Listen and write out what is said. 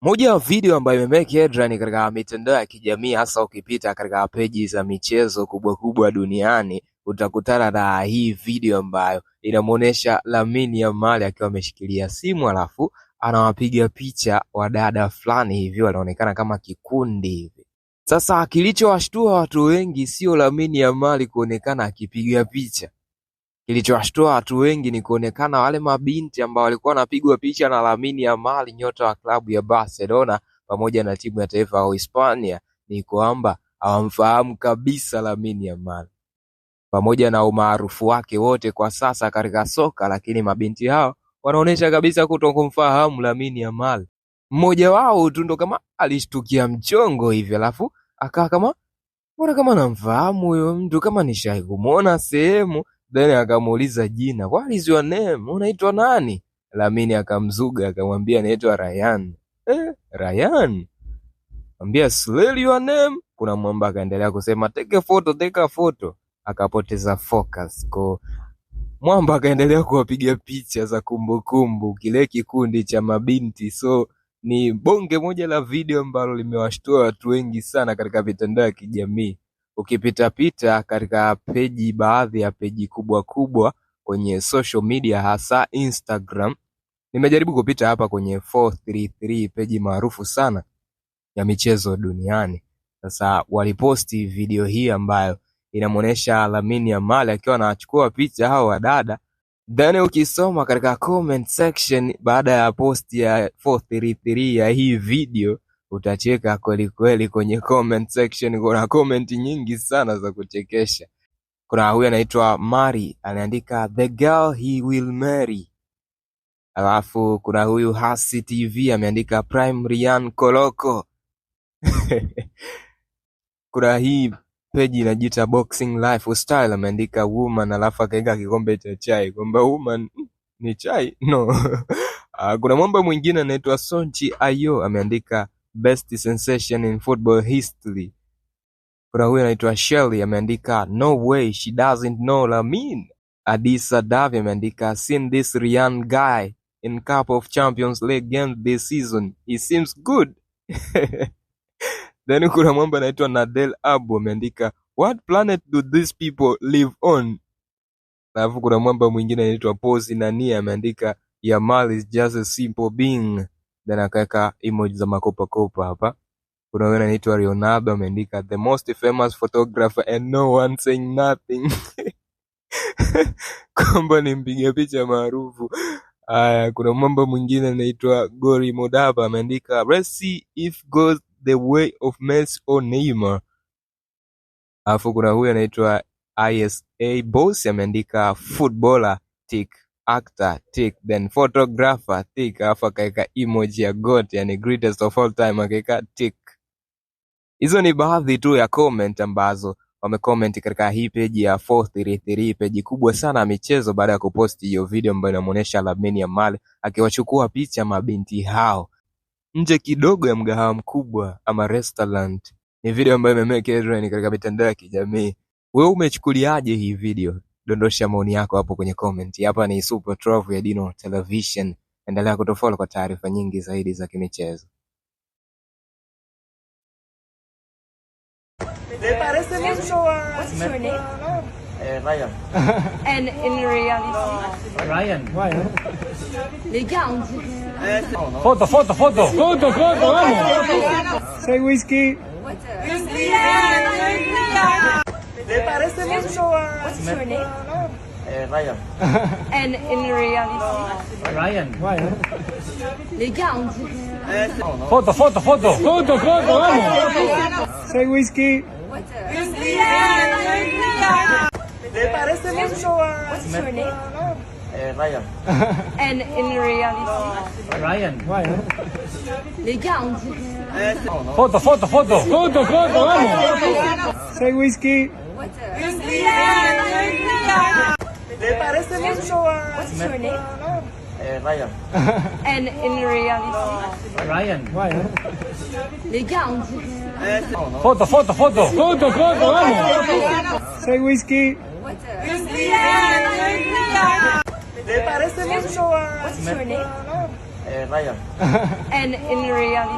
Moja ya video ambayo imemake headline katika mitandao ya kijamii hasa ukipita katika peji za michezo kubwa kubwa duniani utakutana na hii video ambayo inamuonesha Lamine Yamal akiwa ameshikilia simu alafu anawapiga picha wadada fulani hivi wanaonekana kama kikundi hivi. Sasa kilichowashtua watu wengi sio Lamine Yamal kuonekana akipiga picha Kilichowashtua watu wengi ni kuonekana wale mabinti ambao walikuwa wanapigwa picha na Lamine Yamal nyota wa klabu ya Barcelona pamoja na timu ya taifa ya Hispania ni kwamba hawamfahamu kabisa Lamine Yamal pamoja na umaarufu wake wote kwa sasa katika soka, lakini mabinti hao wanaonyesha kabisa kutokumfahamu Lamine Yamal. Mmoja wao tu ndo kama alishtukia mchongo hivi, alafu akawa kama mbona kama namfahamu huyo mtu, kama nishai kumwona sehemu Dele akamuuliza jina what is your name, unaitwa nani? Lamini akamzuga akamwambia naitwa Ryan. Eh, Ryan ambia slay your name. Kuna mwamba akaendelea kusema take a photo, take a photo, akapoteza focus ko mwamba akaendelea kuwapiga picha za kumbukumbu kile kikundi cha mabinti. So ni bonge moja la video ambalo limewashtua watu wengi sana katika mitandao ya kijamii ukipitapita katika peji baadhi ya peji kubwa kubwa kwenye social media hasa Instagram. Nimejaribu kupita hapa kwenye 433 peji maarufu sana ya michezo duniani. Sasa waliposti video hii ambayo inamwonyesha Lamine Yamal akiwa anachukua picha hao wadada, then ukisoma katika comment section baada ya post ya 433 ya hii video Utacheka kwelikweli kwenye comment section kuna comment nyingi sana za kuchekesha kuna huyu anaitwa Mari anaandika the girl he will marry. Alafu kuna huyu Hasi TV ameandika Prime Ryan Koloko. kuna hii peji inajita Boxing Life Style ameandika woman, alafu akaweka kikombe cha chai kwamba woman ni chai no. Ah, kuna mwamba mwingine anaitwa Sonchi Ayo ameandika best sensation in football history kuna huyu anaitwa Shelly ameandika no way she doesn't know Lamin. Adisa Davi ameandika seen this Ryan guy in cup of Champions League game this season he seems good then kuna mwamba anaitwa Nadel Abu ameandika what planet do these people live on? Alafu kuna mwamba mwingine anaitwa Posi Nania ameandika Yamal is just a simple being then akaweka image za makopakopa hapa. Kuna huyo anaitwa Ronaldo ameandika the most famous photographer and no one saying nothing kwamba ni mpiga picha maarufu. Haya, kuna mambo mwingine anaitwa Gori Modaba ameandika let's see if goes the way of Messi or Neymar. Alafu kuna huyu anaitwa ISA Boss ameandika footballer tick actor Tick then photographer Tick alafu akaweka emoji ya goat yani greatest of all time akaweka Tick. Hizo ni baadhi tu ya comment ambazo wamecomment katika hii peji ya 433 peji kubwa sana ya michezo, baada ya kuposti hiyo video ambayo inamuonesha Lamine Yamal akiwachukua picha mabinti hao nje kidogo ya mgahawa mkubwa ama restaurant. Ni video ambayo imemake headline katika mitandao ya kijamii. Wewe umechukuliaje hii video? dondosha maoni yako hapo kwenye comment. Hapa ni Super 12 ya Dino Television. Endelea kutofollow kwa taarifa nyingi zaidi za kimichezo. Eh, Say Whiskey. What's your name? Eh, Ryan. And in reality? Ryan. Ryan. Les gars, on dirait... Photo, photo, photo. Photo, photo, vamos. Eh? Say whiskey. Whiskey. ¿Te parece mucho a... What's your name? Eh, Ryan. And in reality? Ryan. Ryan. Les gars, on dirait... Photo, photo, photo. Photo, photo, vamos. Say whiskey. What's it? Lucia! parece mucho What's your name? Eh, Ryan. And in reality? Ryan. Ryan. Les gars, on dirait... Foto, foto, foto! Foto, foto, vamos! Say whiskey! What's it? Lucia! parece mucho What's your name? Eh, Ryan. And in reality?